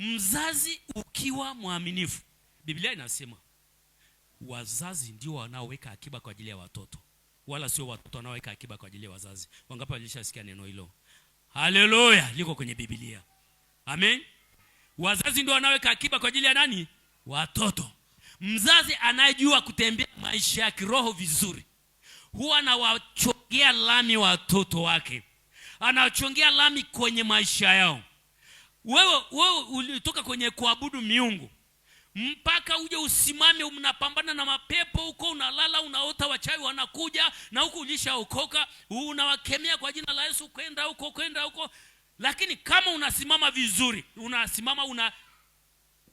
Mzazi ukiwa mwaminifu, Biblia inasema wazazi ndio wanaoweka akiba kwa ajili ya watoto, wala sio watoto wanaoweka akiba kwa ajili ya wazazi. Wangapi walishasikia neno hilo? Haleluya, liko kwenye Biblia. Amen. Wazazi ndio wanaoweka akiba kwa ajili ya nani? Watoto. Mzazi anayejua kutembea maisha ya kiroho vizuri huwa anawachongea lami watoto wake, anawachongea lami kwenye maisha yao. Wewe wewe ulitoka kwenye kuabudu miungu mpaka uje usimame, unapambana na mapepo huko, unalala unaota, wachawi wanakuja na huku ulishaokoka, unawakemea kwa jina la Yesu, kwenda huko, kwenda huko. Lakini kama unasimama vizuri, unasimama una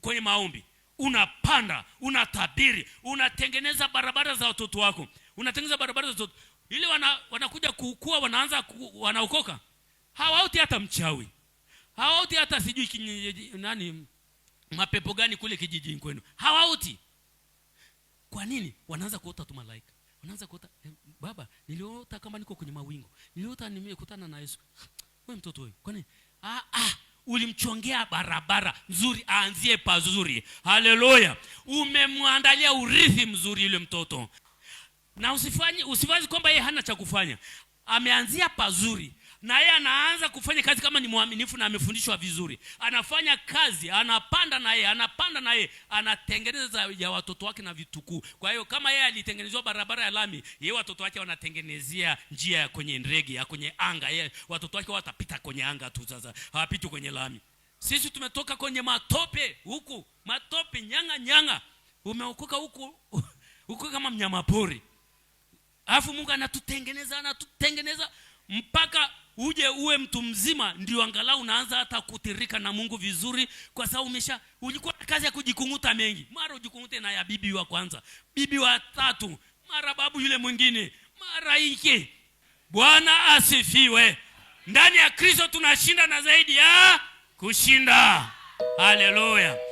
kwenye maombi, unapanda, unatabiri, unatengeneza barabara za watoto wako, unatengeneza barabara za watoto ili wana, wanakuja kukua, wanaanza wanaokoka, hawauti hata mchawi hawauti hata sijui kinyeji, nani mapepo gani kule kijijini kwenu hawauti. Kwa nini? Wanaanza kuota tu malaika, wanaanza kuota eh, baba niliota kama niko kwenye mawingu, niliota nimekutana na Yesu. Wewe mtoto wewe, kwa nini? Ah, ah, ulimchongea barabara nzuri, aanzie pazuri. Haleluya, umemwandalia urithi mzuri yule mtoto, na usifanye usiwazi kwamba yeye hana cha kufanya. Ameanzia pazuri, na yeye anaanza kufanya kazi kama ni mwaminifu na amefundishwa vizuri, anafanya kazi, anapanda na yeye anapanda na yeye anatengeneza ya watoto wake na vitukuu. Kwa hiyo kama yeye alitengenezewa barabara ya lami, yeye watoto wake wanatengenezea njia ya kwenye ndege ya kwenye anga. Yeye watoto wake watapita kwenye anga tu, sasa hawapiti kwenye lami. Sisi tumetoka kwenye matope huku, matope nyang'a nyang'a, umeokoka huku huku kama mnyama pori, alafu Mungu anatutengeneza anatutengeneza mpaka uje uwe mtu mzima, ndio angalau unaanza hata kutirika na Mungu vizuri, kwa sababu umesha ulikuwa na kazi ya kujikung'uta mengi, mara ujikung'ute na ya bibi wa kwanza, bibi wa tatu, mara babu yule mwingine, mara iki. Bwana asifiwe. Ndani ya Kristo tunashinda na zaidi ya kushinda. Haleluya.